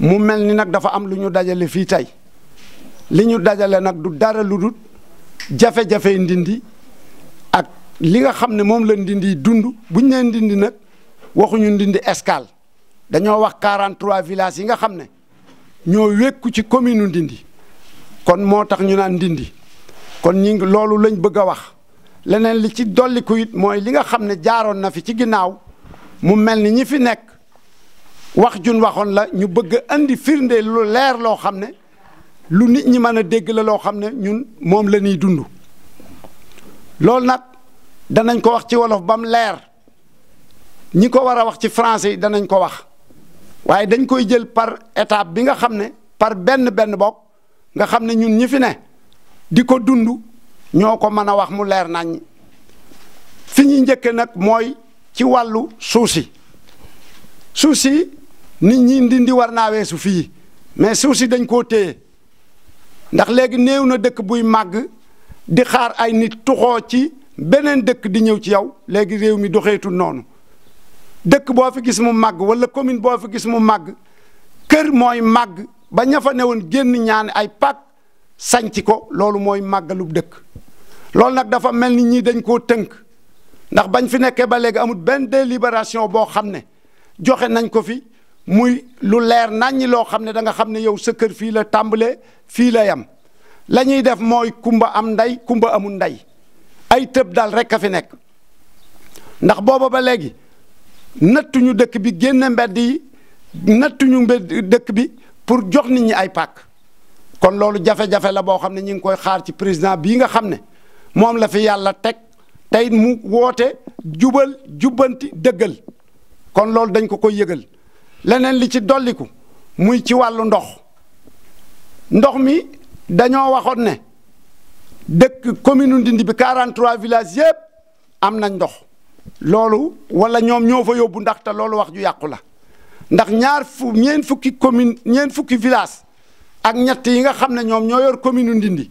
mu mel ni nag dafa am lu ñu dajale fii tey li ñu dajale nag du dara lu dul jafe-jafe ndindi ak li nga xam ne moom la ndindi dund bu ñu nee ndindi nag waxuñu ndindi escale dañoo wax 43 villages yi nga xam ne ñoo wékku ci commune ndindi kon moo tax ñu naan ndindi kon ñi loolu lañ bëgg a wax leneen li ci dolliku mooy li nga xam ne jaaroon na fi ci ginnaaw mu mel ni ñi fi nekk. wax jun waxoon la ñu bëgg indi firnde lu leer loo xam ne lu nit ñi mën a dégg la loo xam ne ñun moom la ñuy dund loolu nag danañ ko wax ci wolof ba mu leer ñi ko war a wax ci français yi danañ ko wax waaye dañ koy jël par étape bi nga xam ne par benn benn bokk nga xam ne ñun ñi fi ne di ko dund ñoo ko mën a wax mu leer nañ fi ñuy njëkke nag mooy ci wàllu suuf si nit ñi ndindi war naa weesu fii mais suuf si dañ koo téye ndax léegi néew na dëkk buy màgg di xaar ay nit tuxoo ci beneen dëkk di ñëw ci yow léegi réew mi doxeetul noonu dëkk boo fi gis mu màgg wala commune boo fi gis mu màgg kër mooy màgg ba ña fa newoon génn ñaan ay pàkk sanc ko loolu mooy màggalu dëkk loolu nag dafa mel ni ñii dañ koo tënk ndax bañ fi nekkee ba léegi amul benn délibération boo xam ne joxe nañ ko fi muy lu leer nàññi loo xam ne danga xam ne yow sa kër fii la tàmbale fii la yam la ñuy def mooy kumba am ndey kumba amul ndey ay tëb dal rek a fi nekk ndax booba ba léegi nattuñu dëkk bi génn mbedd yi nattuñu dëkk bi pour jox nit ñi ay pàkk kon loolu jafe-jafe la boo xam ne ñu ngi koy xaar ci président bii nga xam ne moom la fi yàlla teg tey mu woote jubal jubbanti dëggal kon loolu dañ ko koy yëgal leneen li ci dolliku muy ci wàllu ndox ndox mi dañoo waxoon ne dëkk commune Ndindi bi 43 village yëpp am nañ ndox loolu wala ñoom ñoo fa yóbbu ndaxte loolu wax ju yàqu la ndax ñaar fu ñeen fukki village ak ñett yi nga xam ne ñoom ñoo yor commune Ndindi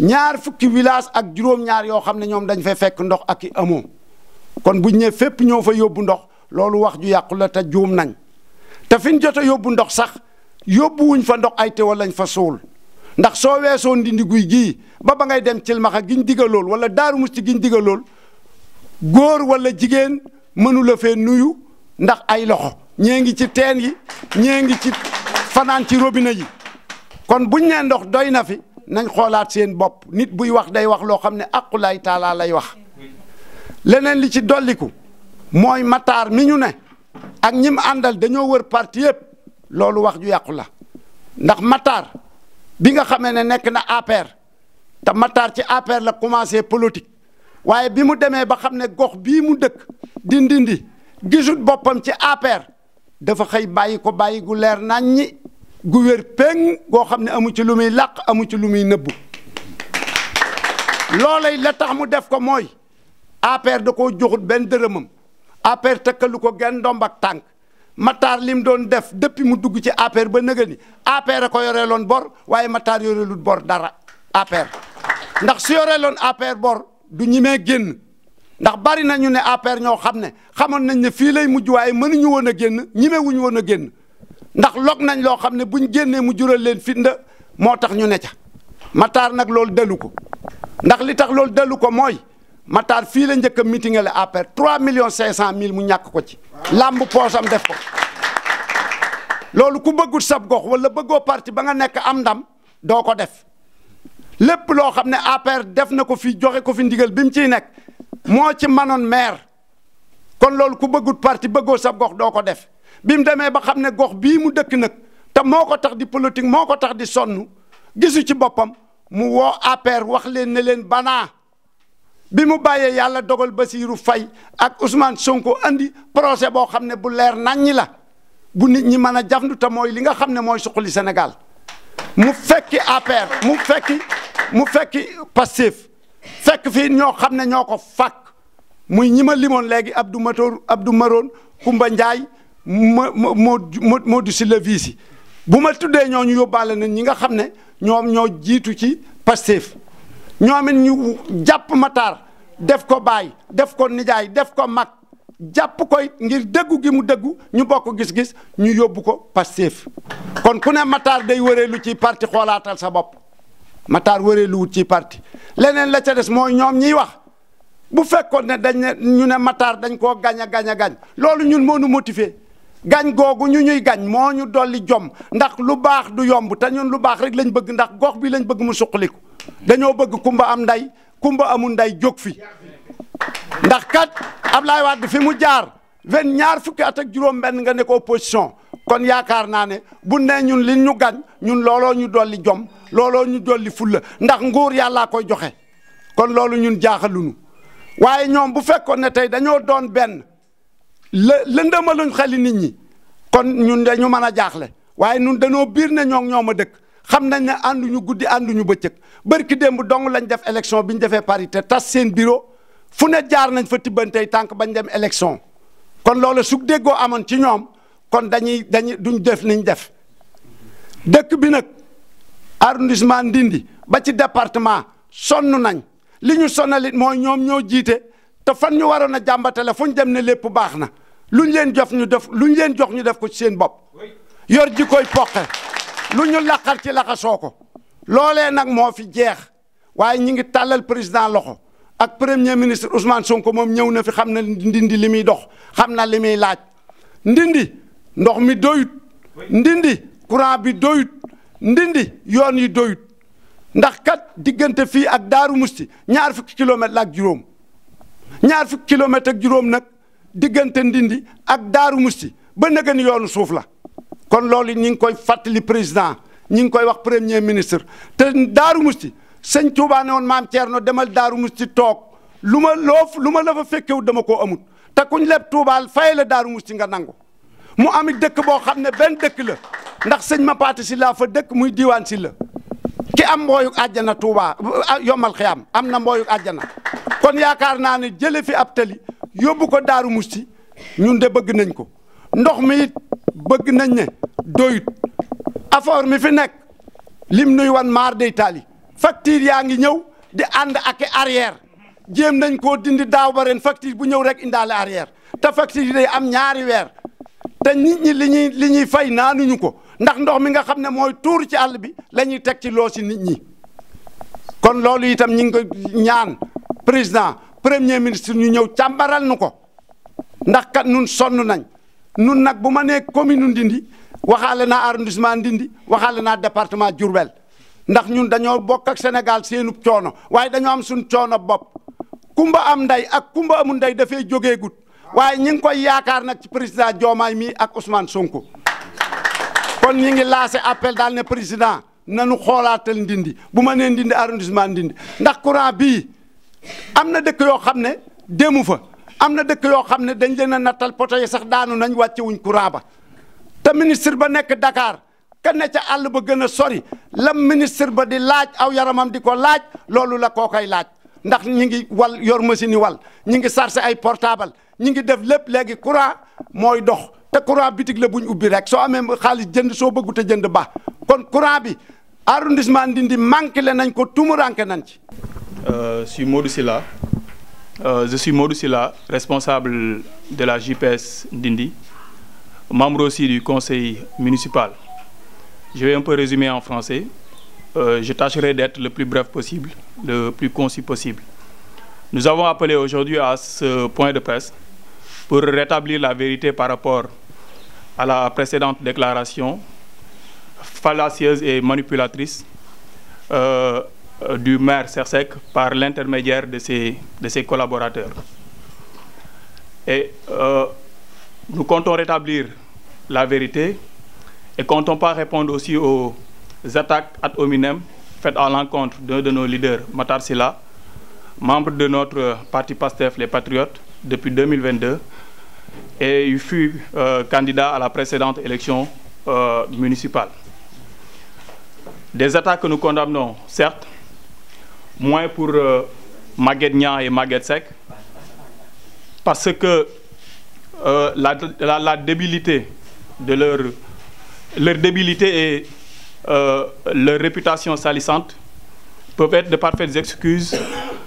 ñaar fukki village ak juróom-ñaar yoo xam ne ñoom dañ fay fekk ndox ak i amoo kon buñ ñëwee fépp ñoo fa yóbbu ndox loolu wax ju yàqu la te juum nañ te fi ñu jot a yóbbu ndox sax yóbbuwuñ fa ndox ay teewal lañ fa suul ndax soo weesoo ndindi guy gii ba ba ngay dem cilmaxa giñ digalool wala daaru mus ci giñ lool góor wala jigéen mënula la fee nuyu ndax ay loxo ñee ngi ci teen yi ñee ngi ci fanaan ci robinet yi kon buñ nee ndox doy na fi nañ xoolaat seen bopp nit buy wax day wax loo xam ne aqulaay taalaa lay wax leneen li ci dolliku mooy mataar mi ñu ne ak ñim àndal dañoo wër parti yëpp loolu wax ju yàqu la ndax Matar bi nga xamee ne nekk na APR te Matar ci APR la commencé politique waaye bi mu demee ba xam ne gox bii mu dëkk di Ndindi gisul boppam ci APR dafa xëy bàyyi ko bàyyi gu leer nàññi gu wér péng goo xam ne amu ci lu muy làq amu ci lu muy nëbbu loolay la tax mu def ko mooy APR da koo joxut benn dërëmam APR tëkkalu ko gen ndomb ak tànk Matar lim doon def depuis mu dugg ci APR ba nëga ni APR ko yoree loon bor waaye Matar yore lul bor dara APR ndax su yoree loon APR bor du ñimee génn ndax bari nañu ne APR ñoo xam ne xamoon nañ ne fii lay mujj waaye mënuñu woon a génn ñimewuñu woon a génn ndax loog nañ loo xam ne bu ñu génnee mu jural leen fitnda moo tax ñu ne ca Matar nag loolu dellu ko ndax li tax loolu dellu ko mooy Matar fii la njëkk a mitingale APR 3 millions 500 mille mu ñàkk ko ci. làmb poosam def ko. loolu ku bëggut sab gox wala bëggoo parti ba nga nekk am ndam doo ko def lépp loo xam ne APR def na ko fi joxe ko fi ndigal bi mu ciy nekk moo ci manoon maire kon loolu ku bëggut parti bëggoo sab gox doo ko def bi mu demee ba xam ne gox bii mu dëkk nag te moo ko tax di politique moo ko tax di sonn gisu ci boppam mu woo APR wax leen ne leen banaa bi mu bàyyee yàlla dogal Basirou fay ak Ousmane Sonko indi projet boo xam ne bu leer naññi la bu nit ñi mën a jafndu te mooy li nga xam ne mooy suqali Sénégal mu fekki APR mu fekki mu fekki Pastef fekk fii ñoo xam ne ñoo ko fàkk muy ñi ma limoon léegi Abdou Matoor Abdou Maroon Kumba Ndiaye ma ma moo moo du si la bu ma tuddee ñooñu yóbbaale na ñi nga xam ne ñoom ñoo jiitu ci Pastef ñoom it ñu jàpp Matar def ko baay def ko nijaay def ko mag jàpp koy ngir dëggu gi mu dëggu ñu bokk gis-gis ñu yóbbu ko Pastef kon ku ne Matar day wëreelu ci parti xoolaatal sa bopp Matar wëreelu wut ci parti leneen la ca des mooy ñoom ñiy wax bu fekkoon ne dañ ne ñu ne Matar dañ koo gañ a gañ a gañ loolu ñun moo nu motivé gañ googu ñu ñuy gañ moo ñu dolli jom ndax lu baax du yomb te ñun lu baax rek lañ bëgg ndax gox bi lañ bëgg mu suqaliku dañoo bëgg kumba am nday kumba amul nday jóg fi ndax kat lay Wade fi mu jaar vingt ñaar fukki at ak juróom benn nga nekk opposition kon yaakaar naa ne bu ne ñun li ñu gañ ñun looloo ñu dolli jom looloo ñu dolli fulla ndax nguur yàllaa koy joxe kon loolu ñun jaaxalunu waaye ñoom bu fekkoon ne tey dañoo doon benn la lëndëmaluñ xeli nit ñi kon ñun dañu mën a jaaxle waaye ñun dañoo biir ne ñoom ñoom a dëkk xam nañ ne ànduñu guddi ànduñu bëccëg bërki démb dong lañ def élection bi ñu defee parité tas seen bureau fu ne jaar nañ fa tibbantey tànk bañ dem élection kon loolu su déggoo amoon ci ñoom kon dañuy dañuy duñ def niñ def dëkk bi nag arrondissement Ndindi ba ci département sonn nañ li ñu sonalit mooy ñoom ñoo jiite te fan ñu waroon a jàmbatale fu ñu dem ne lépp baax na lu ñu leen jof ñu def lu ñu leen jox ñu def ko ci seen bopp yor ji koy poqe lu ñu laqal ci laxasoo ko loolee nag moo fi jeex waaye ñi ngi tàllal président loxo ak premier ministre Ousmane Sonko moom ñëw na fi xam na ndindi li muy dox xam na li muy laaj ndindi ndox mi doyut ndindi courant bi doyut ndindi yoon yi doyut ndax kat diggante fii ak Daaru Musti ñaar fukki kilomètres la ak juróom ñaar fukki kilomètre ak juróom nag diggante ndindi ak daaru musti ba nëgën yoonu suuf la kon loolu ñi ngi koy fàttali président ñi ngi koy wax premier ministre te daaru musti sëñ Touba ne woon maam Thierno demal daaru musti toog lu ma loof lu ma la fa fekkewu dama ko amut te kuñ leb Touba fay la daaru musti nga nangu mu amit dëkk boo xam ne benn dëkk la ndax sëñ ma paati si laa fa dëkk muy diiwaan si la am mbooyuk àjjana Touba yomal xiyam am na mbooyuk àjjana kon yaakaar naa ne jële fi ab tali yóbbu ko daaru musti ñun de bëgg nañ ko ndox mi bëgg nañ ne doyut effort mi fi nekk lim nuy wan maar day taali facture yaa ngi ñëw di ànd ak arrière jéem nañ ko dindi daaw ba ren bu ñëw rek indaale arrière te facture yi day am ñaari weer te nit ñi li ñuy li ñuy fay ko ndax ndox mi nga xam ne mooy tuur ci àll bi la ñuy teg ci loo si nit ñi kon loolu itam ñu ngi ko ñaan président premier ministre ñu ñëw càmbaral nu ko ndax kat nun sonn nañ nun nag bu ma nee commune Ndindi waxaale na arrondissement Ndindi waxaale naa département Diourbel ndax ñun dañoo bokk ak Sénégal seenub coono waaye dañoo am suñ coono bopp kumba am nday ak kumba amul ndey dafay jógeegut waaye ñi ngi koy yaakaar nag ci président Diomaye mii ak Ousmane Sonko kon ñi ngi lancé appel daal ne président nu xoolaatal ndindi bu ma nee ndindi arrondissement ndindi ndax courant bii am na dëkk yoo xam ne demu fa am na dëkk yoo xam ne dañ leen a nattal poto yi sax daanu nañ wàcce wuñ courant ba te ministre ba nekk dakaar ka ne ca àll ba gën a sori la ministre ba di laaj aw yaramam di ko laaj loolu la koo koy laaj ndax ñi ngi wal yor machine yi wal ñi ngi chargé ay portable ñi ngi def lépp léegi courant mooy dox te courant bitig la bu ubbi rek soo amee xaalis jënd soo bëggu te jënd ba kon courant bi arrondissement Ndindi manqué le nañ ko tumuranke nañ ci. Euh, je suis Modou Sylla euh, je suis Modou Sylla responsable de la gps Ndindi membre aussi du conseil municipal je vais un peu résumer en français euh, je tâcherai d'être le plus bref possible le plus concis possible nous avons appelé aujourd'hui à ce point de presse pour rétablir la vérité par rapport à la précédente déclaration fallacieuse et manipulatrice euh, euh, du maire Sersec par l'intermédiaire de ses, de ses collaborateurs. Et euh, nous comptons rétablir la vérité et comptons pas répondre aussi aux attaques ad hominem faites à l'encontre d'un de nos leaders, Matar Sylla, membre de notre parti PASTEF Les Patriotes depuis 2022 et il fut euh, candidat à la précédente élection euh, municipale. Des attaques que nous condamnons, certes, moins pour euh, Maguette Nian et Maguette Sec, parce que euh, la, la, la, débilité de leur, leur débilité et euh, leur réputation salissante peuvent être de parfaites excuses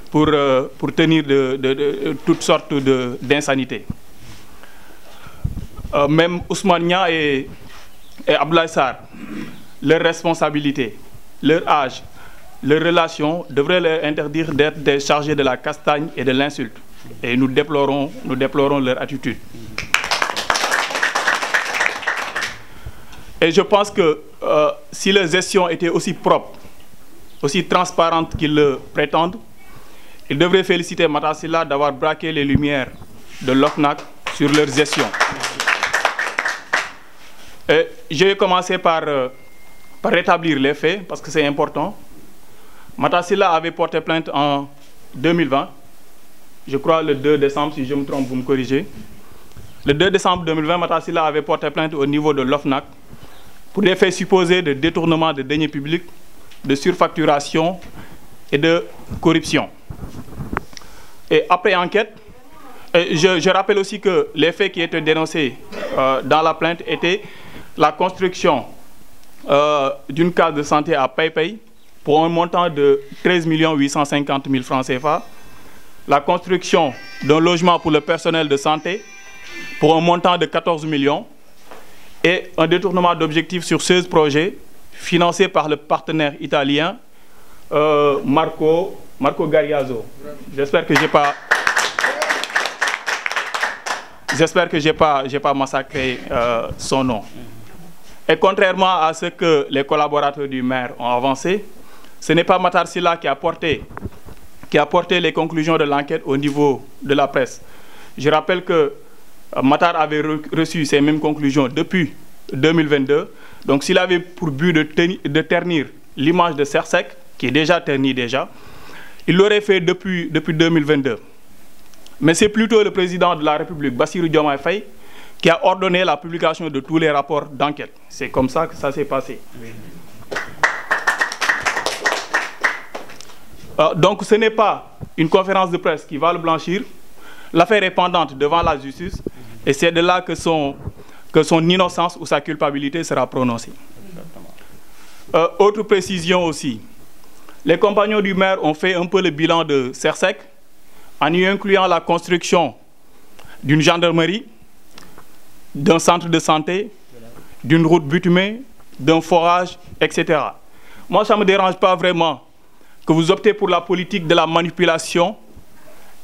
pour, euh, pour tenir de, de, de, de toutes sortes d'insanités. euh, même Ousmane Nia et, et Abdoulaye Sarr, leurs responsabilités, leur âge, leurs relations devraient leur interdire d'être des chargés de la castagne et de l'insulte. Et nous déplorons, nous déplorons leur attitude. Et je pense que euh, si leur gestion était aussi propre, aussi transparente qu'ils le prétendent, ils devraient féliciter Matasila d'avoir braqué les lumières de l'OFNAC sur leur gestion. Euh, je vais commencer par, euh, par rétablir les faits parce que c'est important. Matasila avait porté plainte en 2020, je crois le 2 décembre, si je me trompe, vous me corrigez. Le 2 décembre 2020, Matasila avait porté plainte au niveau de l'OFNAC pour des faits supposés de détournement de deniers publics, de surfacturation et de corruption. Et après enquête, euh, je, rappelle aussi que les faits qui étaient dénoncés euh, dans la plainte étaient la construction euh, d'une case de santé à Paypay pour un montant de 13 850 000 francs CFA, la construction d'un logement pour le personnel de santé pour un montant de 14 millions et un détournement d'objectifs sur 16 projets financés par le partenaire italien euh, Marco, Marco Gariazzo. J'espère que j'ai pas... J'espère que je n'ai pas, pas massacré euh, son nom. Et contrairement à ce que maire ont avancé, ce n'est pas Matar Sylla a porté, qui les conclusions de l'enquête au niveau de la presse. Je rappelle que euh, Matar avait reçu ces mêmes conclusions depuis 2022. Donc s'il avait pour but de, tenir, de ternir l'image de Sersec, qui est déjà ternie déjà, il l'aurait fait depuis, depuis 2022. Mais c'est plutôt le président de la République, Bassirou Diomaye Faye, qui a ordonné la publication de tous les rapports d'enquête. C'est comme ça que ça s'est passé. Euh, donc ce n'est pas une conférence de presse qui va le blanchir. L'affaire est pendante devant la justice et c'est de là que son, que son innocence ou sa culpabilité sera prononcée. Euh, autre précision aussi, les compagnons du maire ont fait un peu le bilan de CERSEC en y incluant la construction d'une gendarmerie d'un centre de santé, d'une route bitumée, d'un forage, etc. Moi, ça ne me dérange pas vraiment que vous optez pour la politique de la manipulation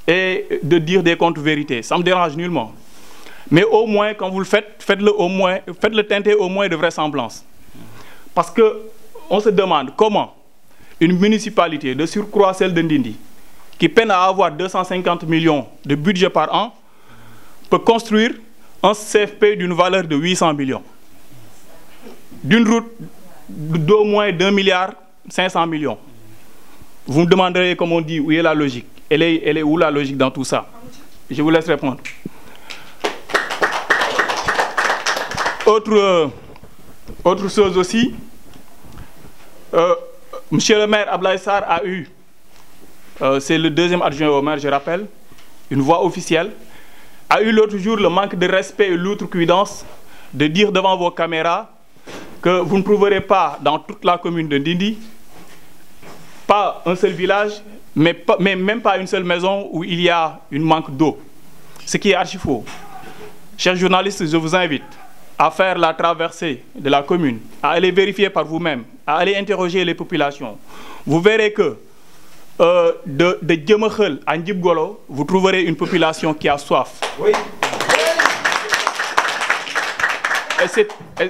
et de dire des contre-vérités. Ça me dérange nullement. Mais au moins, quand vous le faites, le au moins, faites-le teinter au moins de vraisemblance. Parce que on se demande comment une municipalité, de surcroît celle de Ndindi, qui peine à avoir 250 millions de budget par an, peut construire un CFP d'une valeur de 800 millions, d'une route d'au moins 2 milliards 500 millions. Vous me demanderez, comme on dit, où est la logique elle est, elle est où la logique dans tout ça Je vous laisse répondre. Autre, euh, autre aussi, euh, Monsieur le maire Ablaïsar a eu, euh, c'est le deuxième adjoint au maire, je rappelle, une voix officielle a eu l'autre jour le manque de respect et l'outrecuidance de dire devant vos caméras que vous ne trouverez pas dans toute la commune de Ndindy pas un seul village, mais, pas, mais même pas une seule maison où il y a une manque d'eau, ce qui est archi faux. Chers journalistes, je vous invite à faire la traversée de la commune, à aller vérifier par vous-même, à aller interroger les populations. Vous verrez que Euh, de de Diemekhel à Ndjibgolo vous trouverez une population qui a soif. Oui.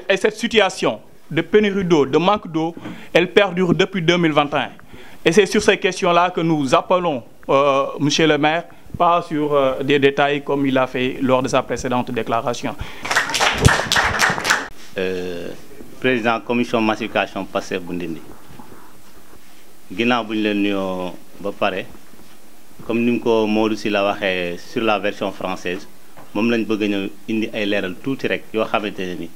Et cette situation de pénurie d'eau, de manque d'eau, elle perdure depuis 2021. Et c'est sur ces questions-là que nous appelons euh, monsieur le maire, pas sur euh, des détails comme il l'a fait lors de sa précédente déclaration. Euh, président commission massification Pastef bu ginnaaw bu ñu leen nuyoo ba pare comme ni mu ko Modou si la waxee sur la version française moom lañ bëgg a ñëw indi ay leeral tuuti rek yoo xamante ne ni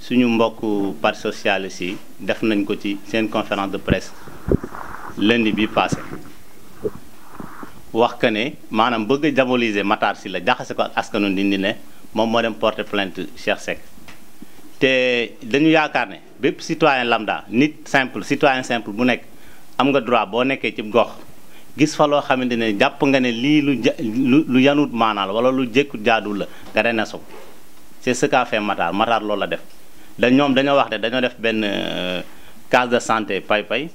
suñu mbokk parti socialiste yi def nañ ko ci seen conférence de presse lundi bi passé wax ka ne maanaam bëgg a diaboliser si la jaxase ko ak askanu Ndindi ne moom moo dem porter plainte Cheikh Seck te dañu yaakaar ne bépp citoyen lambda nit simple citoyen simple bu nekk. am nga droit boo nekkee ci gox gis fa loo xamante ne jàpp nga ne lii lu ja lu yanut maanaal wala lu jékkut jaadul la nga dana soog c'est ce qu'a fait Matar Matar loolu la def da ñoom dañoo wax ne dañoo def benn euh, case de santé pay pay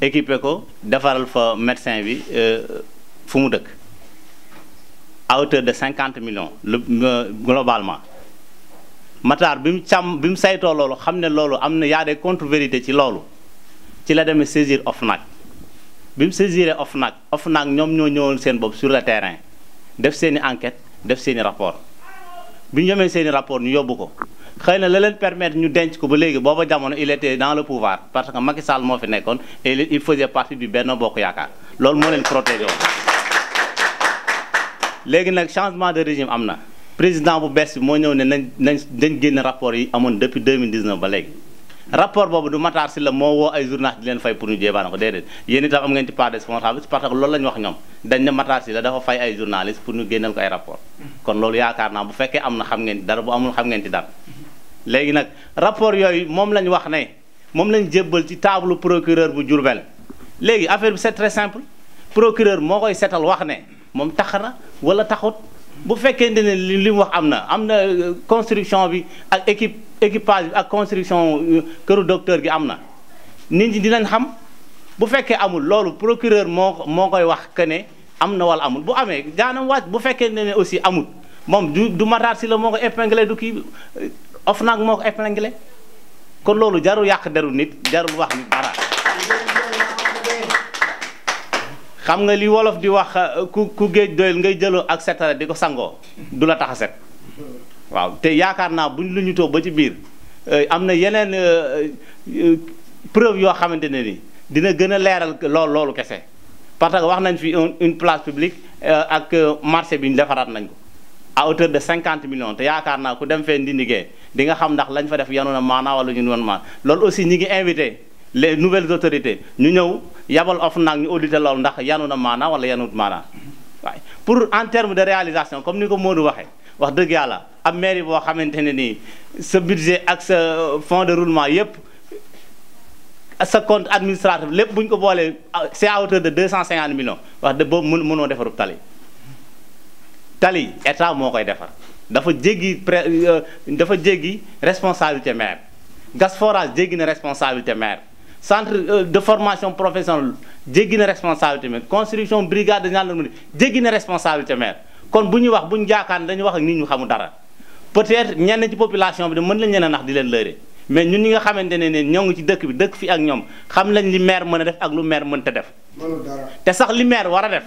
équipé ko defaral fa médecin bi euh, fu mu dëkk à de cinquante million lu euh, globalement Matar bi mu càmm bi mu saytoo loolu xam ne loolu am na yaa des contre-vérité ci loolu ci la demee saisir OFNAC bi mu nag OFNAC OFNAC ñoom ñoo ñëwoon seen bopp sur le terrain def seen i enquête def seen i rapport bi ñu seeni seen rapport ñu yóbbu ko xëy na la leen permettre ñu denc ko ba léegi booba jamono il était dans le pouvoir parce que Macky Sall moo fi nekkoon et il faisait partie du Benno Bokk Yaakaar loolu moo leen protégé woon léegi nag changement de régime am na président bu bees bi moo ñëw ne nañ nañ dañ génn rapport yi amoon depuis 2019 ba léegi rapport boobu du Matar Sylla moo woo ay journaliste di leen fay pour ñu jéebaane ko déedéet yéen itam am ngeen ci part de responsabilité parce que loolu la ñu wax ñoom dañ ne Matar Sylla dafa fay ay journaliste pour ñu génnal ko ay rapport kon loolu yaakaar naa bu fekkee am na xam ngeen dara bu amul xam ngeen dara léegi nag rapport yooyu moom lañ wax ne moom lañ jébbal ci table procureur bu Diourbel léegi affaire bi c'est très simple procureur moo koy seetal wax ne moom tax na wala taxut bu fekkee ne li mu wax am na am na euh, construction bi ak équipe équipage bi ak construction këru docteur gi am na nit ñi dinañ xam bu fekkee amul loolu procureur moo moo koy wax que ne am na wala amul bu amee jaanam waaj bu fekkee ne ne aussi amul moom du du Matar la moo ko épinglé du kii OFNAC moo ko épinglé kon loolu jarul yàq deru nit jarul wax nit dara xam nga li wolof di wax ku ku géej doyul ngay jëloo ak setala di ko sangoo du la tax a set waaw te yaakaar naa buñ lu ñu toog ba ci biir euh, am na yeneen euh, euh, preuve yoo xamante ne ni dina gën a leeral lool loolu kese parce que wax nañ fi une place publique ak marché bi ñu defaraat nañ ko à hauteur de cinquante millions te yaakaar naa ku dem fee ndindigee di nga xam ndax lañ fa def yanu na maanaa wala ñu woon maan loolu aussi ñi ngi invité les nouvelles autorités ñu ñëw yabal of naag ñu audité lool ndax yanu na maanaa wala yanut maanaa wa pour en terme de comme ni ko Modou waxee wax dëgg yàlla am mairie boo xamante ne nii sa budget ak sa fonds de roulement yépp sa compte administratif lépp bu ñu ko boolee c'est à hauteur de deux cent cinquante millions wax dëgg boobu mën mënoo defarub tali tali état moo koy defar dafa jéggi pré euh, dafa jéggi responsabilité maire gas forage jéggi na responsabilité maire centre euh, de formation professionnelle jéggi na responsabilité maire construction brigade de gendarmerie jéggi na responsabilité maire kon bu ñuy wax bu ñu jaakaan dañu wax ak nit ñu xamu dara peut-être ñenn ci population bi de mën lañ leen a nax di leen lëre mais ñun ñi nga xamante ne ne ñoo ngi ci dëkk bi dëkk fi ak ñoom xam lañ li maire mën a def ak lu mën mënta def. te sax li maire war a def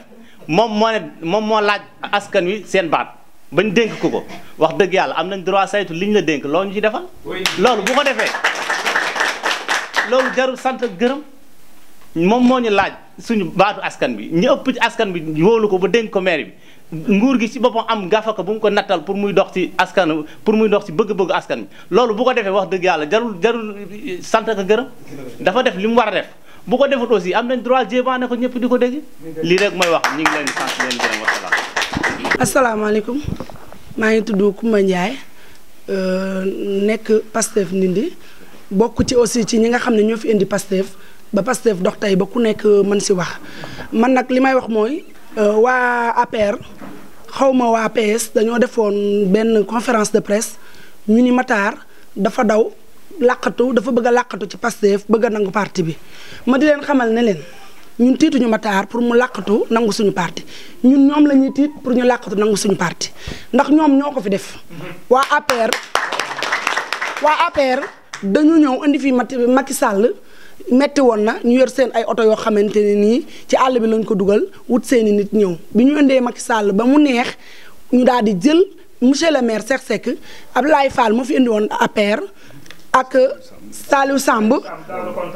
moom moo ne moom moo laaj askan wi seen baat bañ dénk ko ko wax dëgg yàlla am nañ droit saytu liñ la dénk loolu ñu ci defal. loolu bu ko defee loolu jarul sant gërëm. moom moo ñu laaj suñu baatu askan bi ñu ci askan bi wóolu ko ba dénk ko bi nguur gi ci boppam am gafaka bu mu ko nattal pour muy dox ci askan pour muy dox ci bëgg-bëgg askan loolu bu ko defee wax dëgg yàlla jarul jarul eh, sant ak gërëm dafa def li mu war a def bu ko defut aussi am nañ droit jébaane ko ñëpp di ko dégg lii rek mooy wax ñu ngi leen di sant leen gërëm wasalaam asalaamaaleykum maa ngi tudd Koumba Ndiaye euh, nekk Pastef Ndindi bokk ci aussi ci ñi nga xam ne ñoo fi indi Pastef ba Pastef dox tey ba ku nekk mën si wax man nag li may wax mooy Euh, waa APR xaw ma waa PS dañoo defoon benn conférence de presse ñu ni Matar dafa daw làqatu dafa bëgg a làqatu ci Pastef bëgg a nangu parti bi ma di leen xamal ne leen ñun tiituñu Matar pour mu làqatu nangu suñu parti ñun ñoom la ñuy tiit pour ñu làqatu nangu suñu parti ndax ñoom ñoo ko fi def waa APR waa APR dañu ñëw indi fi Macky Sall metti woon na ñu yor seen ay oto yoo xamante ne nii ci àll bi lañ ko dugal wut seeni nit ñëw bi ñu indee Macky Sall ba mu neex ñu daal di jël monsieur le maire Cheikh Seck Abdoulaye Fall mu fi indi woon APR ak Saliou Samb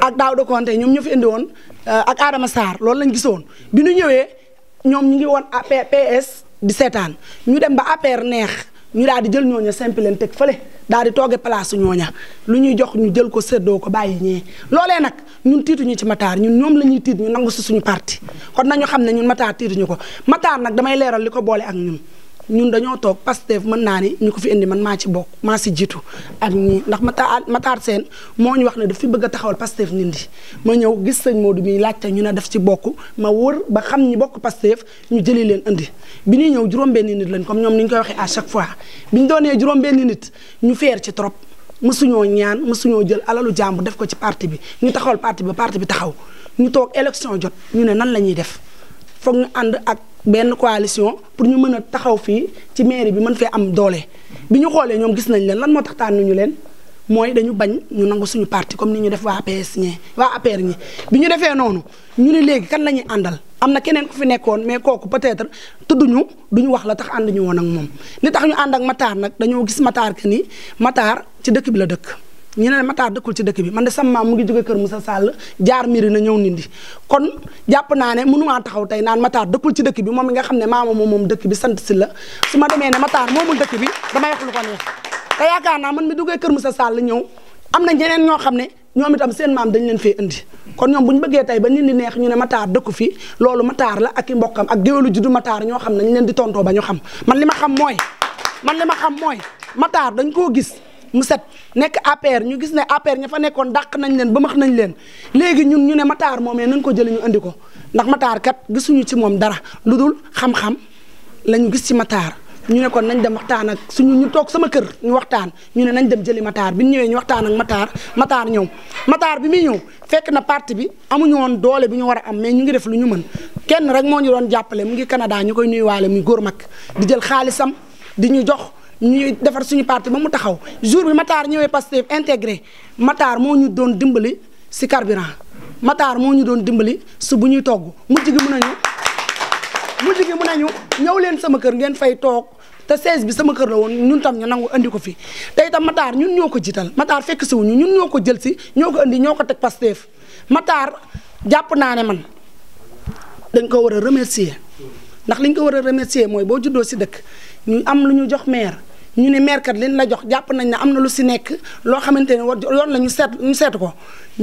ak Daouda Konté ñoom ñu fi indi woon euh, ak Adama Sarr loolu lañ gisoon bi ñu ñëwee ñoom ñu ngi woon PS di seetaan ñu dem ba APR neex. ñu daal di jël ñooña simple leen teg fële daa di tooge place ñooña lu ñuy jox ñu jël ko séddoo ko bàyyi ñee loolee nag ñun tiituñu ci Matar ñun ñoom la ñuy tiit ñu nangu si suñu parti kon nañu xam ne ñun Matar tiituñu ko Matar nag damay leeral li ko boole ak ñun ñun dañoo toog Pastef mën naa ni ñu ko fi indi man maa ci bokk maa si jiitu ak ñii ndax Matar Matar Sène moo ñu wax ne daf fi bëgg a taxawal Pastef nindi ma ñëw gis sëñ Modou mi laajte ñun a def ci bokk ma wër ba xam ñi bokk Pastef ñu jëli leen indi bi ñuy ñëw juróom-benni nit lañ comme ñoom ni ñu koy waxee à chaque fois bi ñu doonee juróom-benni nit ñu feer ci trop mësuñoo ñaan mësuñoo jël alalu jàmb def ko ci parti bi ñu taxawal parti bi parti bi taxaw ñu toog élection jot ñu ne nan la ñuy def. foog ñu ànd ak benn coalition pour ñu mën a taxaw fii ci mairie bi mën fee am doole. bi ñu xoolee ñoom gis nañ leen lan moo tax tànnuñu leen mooy dañu bañ ñu nangu suñu parti comme ni ñu def waa APS ñi waa APR ñi bi ñu defee noonu ñu ni léegi kan la ñuy àndal. am na keneen ku fi nekkoon mais kooku peut-être tudduñu ñu wax la tax ànd ñu woon ak moom li tax ñu ànd ak Matar nag dañoo gis Matar que ni Matar ci dëkk bi la dëkk. ñu ne Matar dëkkul ci dëkk bi man de sama maam mu ngi jóge kër Moussa Sall jaar miri na ñëw nindi kon jàpp naa ne mënumaa taxaw tey naan Matar dëkkul ci dëkk bi moom mi nga xam ne maama moom moom dëkk bi sant si la su ma demee ne Matar moomul dëkk bi damay wax lu ko neex te yaakaar naa man mi duggee kër mu Moussa Sall ñëw am na ñeneen ñoo xam ne ñoom tam seen maam dañ leen fee indi kon ñoom bu ñu bëggee tey ba nit di neex ñu ne Matar dëkku fi loolu Matar la ak i mbokkam ak géwélu juddu Matar ñoo xam ne ñu leen di tontoo ba xam man li ma xam mooy man li ma xam mooy Matar dañ koo gis mu set nekk APR ñu gis ne APR ñu fa nekkoon dàq nañ leen ba max nañ leen léegi ñun ñu ne Matar moomee nañ ko jëlee ñu andi ko ndax Matar kat gisuñu ci moom dara lu dul xam-xam lañu gis ci Matar. ñu nekkoon kon nañ dem waxtaan ak suñu ñu toog sama kër ñu waxtaan ñu ne nañ dem jëli Matar bi ñu ñëwee ñu waxtaan ak Matar Matar ñëw Matar bi muy ñëw fekk na parti bi amuñu woon doole bi ñu war a am mais ñu ngi def lu ñu mën kenn rek moo ñu doon jàppale mu ngi Canada ñu koy nuyuwaale muy góor mag di jël xaalisam di ñu jox ñu defar suñu parti ba mu taxaw jour bi Matar ñëwee Pastef intégré Matar moo ñu doon dimbali si carburant Matar moo ñu doon dimbali su bu ñuy togg mujj gi mun na mujj gi mun nañu ñëw leen sama kër ngeen fay toog te 16 bi sama kër la woon ñun tam ñu nangu andi ko fi te itam Matar ñun ñoo ko jiital Matar fekk si wuñu ñun ñoo ko jël si ñoo ko andi ñoo ko teg Pastef Matar jàpp naa ne man dañ ko war a remercier ndax liñ ko war a remercier mooy boo juddoo si dëkk. ñu am lu ñu jox maire ñu ne maire kat liñ la jox jàpp nañ ne am na lu si nekk loo xamante ne war yoon la ñu seet ñu seet ko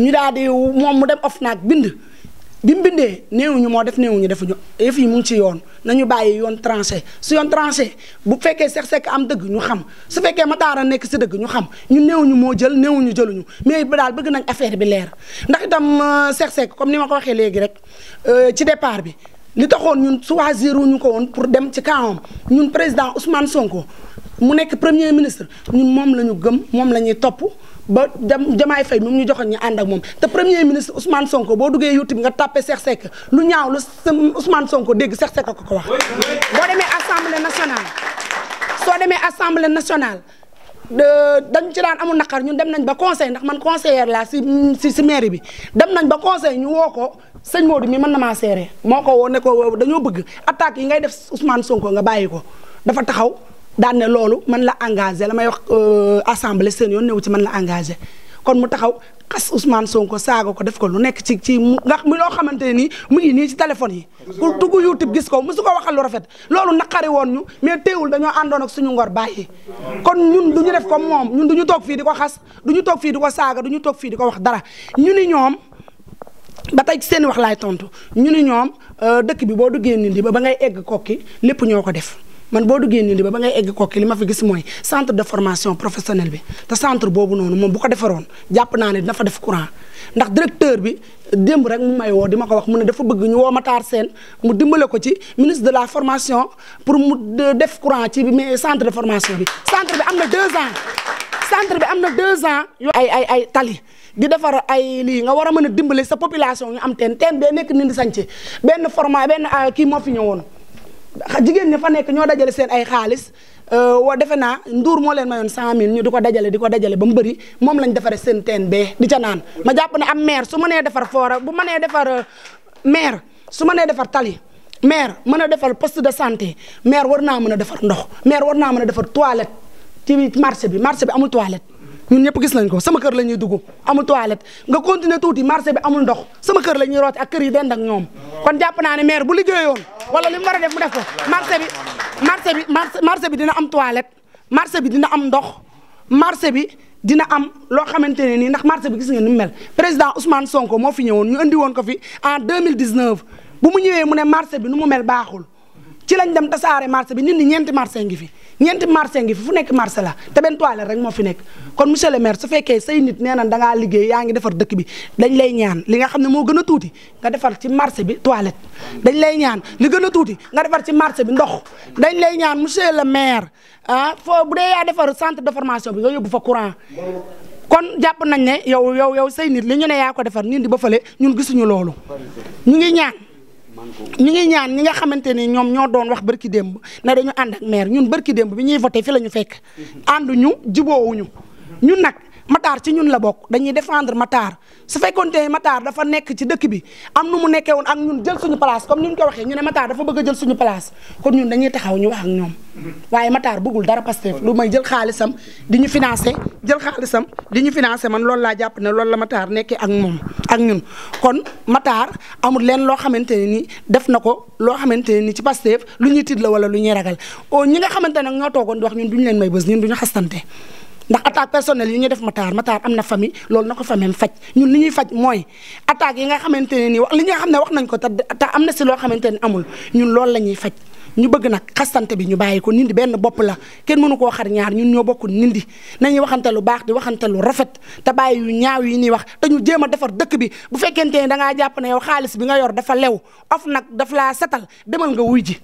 ñu daal di moom mu dem OFNAC bind. bi mu bindee néewuñu moo def néewuñu defuñu yëf yi mu ngi ci yoon na ñu bàyyi yoon tranché su yoon tranché bu fekkee Cheikh Seck am dëgg ñu xam su fekkee ma Matara nekk si dëgg ñu xam ñu néewuñu moo jël néewuñu jëluñu mais ba daal bëgg nañ affaire bi leer ndax itam Cheikh Seck comme ni ma ko waxee léegi rek euh, ci départ bi. li taxoon ñun choisir ñu ko woon pour dem ci kawam ñun président Ousmane Sonko mu nekk premier ministre ñun moom la ñu gëm moom la ñuy topp ba dem Diomaye Faye moom ñu joxoon ñu ànd ak moom te premier ministre usman Sonko boo duggee bi nga tàppe seex Seck lu ñaaw lu Ousmane Sonko dégg Cheikh Seck ko ko wax. boo demee assemblée nationale soo demee assemblée nationale. dañ ci daan na naqar ñun dem nañ ba conseil ndax man conseillère la si si si mairie bi dem nañ ba conseil ñu woo ko sëñ Modou mi mën na maa seere moo ko woo ne ko dañoo bëgg attaques yi ngay def Ousmane Sonko nga bàyyi ko dafa taxaw daan ne loolu man la engagé la may wax euh, assemblée seen yoon néew ci man la engagé kon mu taxaw xas Ousmane Sonko saaga ko def ko lu nekk ci ci ndax mi loo xamante ne nii mu ngi nii ci téléphone yi pour dugg YouTube gis ko mosu ko waxal lu rafet loolu naqari woon ñu mais teewul dañoo àndoon ak suñu ngor bàyyi kon ñun duñu def comme moom ñun duñu toog fii di ko xas duñu toog fii di ko saaga duñu toog fii di ko wax dara ñu ni ñoom ba tey seen wax laay tontu ñu ni ñoom euh, dëkk bi boo duggee nit di ba ba ngay egg kokki lépp ñoo ko def man boo duggee nii ba ba ngay egg kokki li ma fi gis mooy centre de formation professionnelle bi te centre boobu noonu moom bu ko defaroon jàpp naa ne dina def courant ndax directeur bi démb rek mu may woo di ma ko wax mu ne dafa bëgg ñu woo ma Matar seen mu dimbale ko ci ministre de la formation pour mu def courant ci bi mais centre de formation bi centre bi am na deux ans centre bi am na deux ans yo ay ay ay tali di defar ay lii nga war a mën a dimbale sa population ñu am teen teen bee nekk ni di sànce benn format benn ah, kii moo fi ñëwoon jigéen ñi fa nekk ñoo dajale seen ay xaalis euh, wa defe naa nduur moo leen ma mayoon cent mille ñu di ko dajale di ko dajale ba mu bëri moom lañ defaree seen teen bee di ca naan ma jàpp ne am maire su mënee defar foora bu mënee defar euh, maire su mënee defar tali maire mën a defar poste de santé maire war naa mën a defar ndox maire war naa mën a defar toilette ci marché bi marché bi amul toilette ñun ñëpp gis nañ ko sama kër la ñuy dugg amul toilette nga continuer tuuti marché bi amul ndox sama kër la ñuy rooti ak kër yi dend ak ñoom kon jàpp naa ne maire bu liggéeyoon wala li mu war def mu def ko marché bi marché bi bi dina am toilette marché bi dina am ndox marché bi dina am loo xamante ne nii ndax marché bi gis ngeen ni mu président Ousmane Sonko moo fi ñëwoon ñu andi woon ko fi en 2019 bu mu ñëwee mu ne marché bi nu mu mel baaxul ci lañ dem tasaare marché bi nit ñi ñeenti marché ngi fi ñeenti marché ngi fi fu nekk marché la te benn rek moo fi kon monsieur le maire su fekkee say nit nee na liggéey yaa ngi defar dëkk bi dañ lay ñaan li nga xam ne moo gën a tuuti nga defar ci marché bi toilette dañ lay ñaan li gën a tuuti nga defar ci marché bi ndox dañ lay ñaan monsieur le maire ah foo bu dee yaa defar centre de formation bi nga yóbbu fa courant kon jàpp nañ ne yow yow yow say nit li ñu ne yaa ko defar ñun di ba fële ñun gisuñu loolu ñu ñu ngi ñaan ñi nga xamante ni ñoom ñoo doon wax barki démb na dañu ànd ak maire ñun barki démb bi ñuy voté fi la ñu fekk mhm. ànduñu jiboowuñu ñun nag Matar ci ñun la bokk dañuy défendre Matar su fekkoonte ne Matar dafa nekk ci dëkk bi am nu mu nekkee woon ak ñun jël suñu place comme ni ñu ko waxee ñu ne dafa bëgg a jël suñu place kon ñun dañuy taxaw ñu wax ak ñoom waaye Matar bëggul dara Pastef lu may xaalisam di ñu financé jël xaalisam di ñu financé man loolu laa jàpp ne loolu la Matar nekkee ak moom ak ñun kon Matar amul leen loo xamante ne ni def na ko loo xamante ne ni ci Pastef lu ñuy tiit wala lu ñuy ragal ñi nga xamante ne ñoo toogoon di wax ñun duñu leen may bës ñun duñu xastante ndax attaque personnelle yi ñu def Matar Matar am na famille loolu na ko famille faj ñun li ñuy faj mooy attaque yi nga xamante ne nii wax li nga xam ne wax nañ ko te te am na si loo xamante ne amul ñun loolu la ñuy faj ñu bëgg nag xastante bi ñu bàyyi ko nindi benn bopp la kenn mënu koo xar ñaar ñun ñoo bokku nindi nañuy waxante lu baax di waxante lu rafet te bàyyi yu ñaaw yi ñuy wax te ñu jéem a defar dëkk bi bu fekkente ne dangaa ngaa jàpp ne yow xaalis bi nga yor dafa lew of nag daf laa setal demal nga wuy ji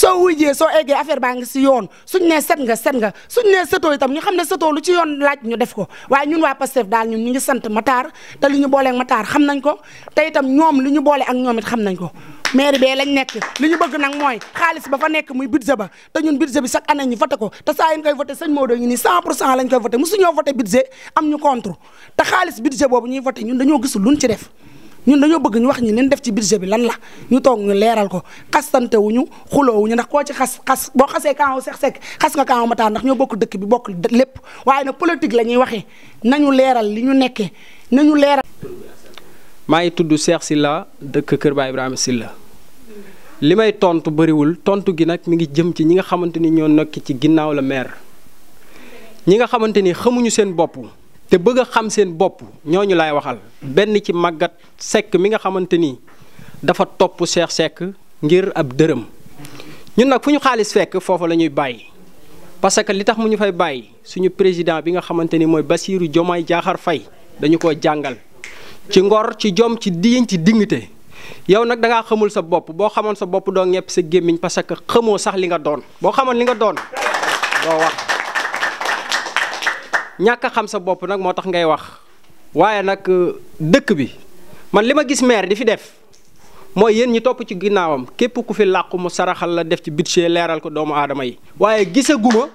soo wujjee soo eggee affaire baa ngi si yoon suñu nee set nga set nga suñu nee setoo itam ñu xam ne setoo lu ci yoon laaj ñu def ko waaye ñun waa Pastef daal ñun ñu ngi sant Matar te li ñu booleeg Matar xam nañ ko te itam ñoom li ñu boole ak ñoom it xam nañ ko mairie bee lañ nekk li ñu bëgg nag mooy xaalis ba fa nekk muy budget ba te ñun budget bi chaque année ñu voté ko te saa yu ñu koy voté sëñ Maodo ñu ni 100 pour cent lañ koy voté mosu ñoo voté budget am ñu contre te xaalis budget boobu ñuy voté ñun dañoo gisul luñ ci def ñun dañoo bëgg ñu wax ñi leen def ci budget bi lan la ñu toog ñu leeral ko xastante wuñu ñu ndax koo ci xas xas boo xasee kaaw seex sekk xas nga kaaw mataar ndax ñoo bokk dëkk bi bokk lépp waaye nag politique la ñuy waxee nañu leeral li ñu nekkee nañu leeral maa ngi tudd si la dëkk Kër Ba si la li may tontu bëriwul tontu gi nag mi ngi jëm ci ñi nga xamante ni ñoo nekk ci ginnaaw la maire ñi nga xamante ni xamuñu seen bopp te bëgg a xam seen bopp ñoo ñu laay waxal benn ci màggat sekk mi nga xamante ni dafa topp seex sekk ngir ab dërëm ñun nag fu ñu xaalis fekk foofu la ñuy bàyyi parce que li tax mu ñu fay bàyyi suñu président bi nga xamante ni mooy Bassirou Diomaye Diakhar Faye dañu ko jàngal ci ngor ci jom ci diiñ ci dignité yow nag da xamul sa bopp boo xamoon sa bopp doo ñepp sa gémmiñ parce que xamoo sax li nga doon boo xamoon li nga doon doo wax ñàkk a xam sa bopp nag moo tax ngay wax waaye nag euh, dëkk bi man li ma gis maire di fi def mooy yéen ñi topp ci ginnaawam képp ku fi làqu mu saraxal la def ci budget leeral ko doomu aadama yi waaye gisaguma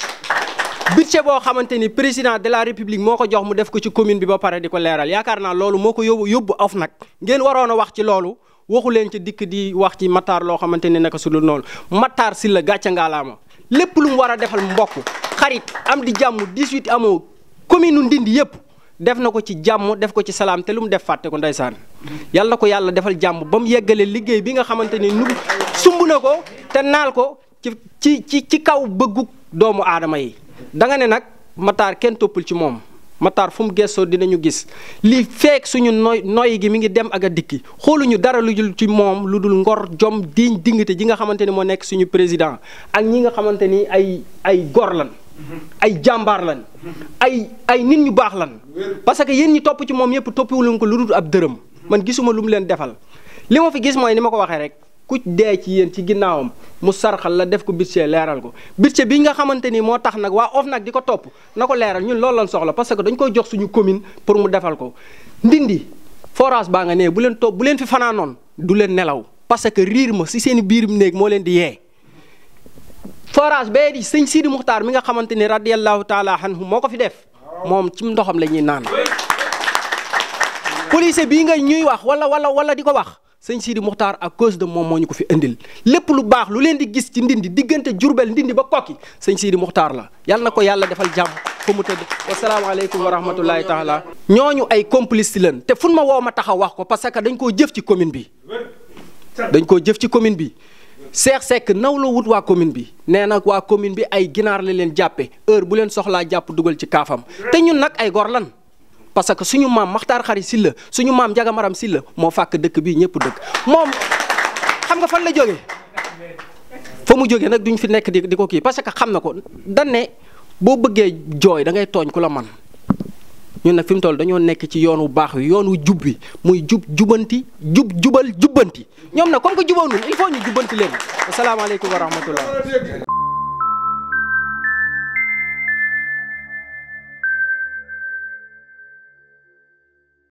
budget boo xamante ni président de la république moo ko jox mu def ko ci commune bi ba pare di ko leeral yaakaar naa loolu moo ko yóbbu yóbbu af nag ngeen waroon a wax ci loolu waxu leen ci dikk di wax ci mataar loo xamante ni naka su dul noonu si la gàcce ngaalaama lépp lu mu war a defal mbokk xarit am di jàmm 18 amoo commune nu Ndindi yëpp def na ko ci jàmm def ko ci salaam te lu mu def fàtte ko ndeysaan yàlla na ko yàlla defal jàmm ba mu yeggalee liggéey bi nga xamante ni nu sumb na ko te naal ko ci ci ci kaw bëggu doomu aadama yi da nga ne nag Matar kenn toppul ci moom. Matar fu mu gëstoo dinañu gis li feek suñu noy noy gi mi ngi dem ak a dikki xooluñu dara lu dul ci moom lu dul ngor jom diñ dingate ji nga xamante ni moo nekk suñu président ak ñi nga xamante ni ay ay gor lan ay jàmbaar lan ay ay nit ñu baax lan parce que yéen ñi topp ci moom yëpp toppiwuleen ko lu dul ab dërëm man gisuma lu mu leen defal li ma fi gis mooy ni ma ko waxee rek ku dee ci yéen ci ginnaawam mu sarxal la def ko budget leeral ko budget bi nga xamante ni moo tax nag waa nag di ko topp na ko leeral ñun loolu lan soxla parce que dañ koy jox suñu commune pour mu defal ko ndindi forage baa nga nee bu leen topp bu leen fi fanaanoon du leen nelaw parce que riir ma si seen biir néeg moo leen di yee forage bee di sëñ Sidi Muxtaar mi nga xamante ni radiyallahu taala anhu moo ko fi def moom ci ndoxam la ñuy naan policier bii nga ñuy wax wala wala wala di ko wax sëñ Sidi Muxtaar à cause de moom moo ñu ko fi indil lépp lu baax lu leen di gis ci ndindi diggante Jurbel ndindi ba kokki sëñ Sidi Muxtaar la yàlla na ko yàlla defal jàmm fu mu tëdd wasalaamaaleykum wa rahmatullahi taala ñooñu ay complice leen te fun ma woo ma taxaw wax ko parce que dañ koo jëf ci commune bi koo jëf ci commune bi Cheikh sekk naw la wut waa commune bi nee na waa commune bi ay ginaar la leen jàppe heure bu leen soxlaa jàpp dugal ci kaafam te ñun nag ay gor lan parce que suñu maam Maxtaar Xari Silla suñu maam Njaga Maram Silla moo fàkk dëkk bii ñëpp dëkk moom xam nga fan la jóge fa mu jógee nag duñ fi nekk di di ko kii parce que xam na ko dañ boo bëggee jooy dangay tooñ ku la man ñun nag fi mu toll dañoo nekk ci yoon yoonu baax wi yoonu jub wi muy jub jubanti jub jubal jubbanti ñoom nag comme que jubóo nun il faut ñu jubbanti leen asalaamaaleykum wa rahmatullah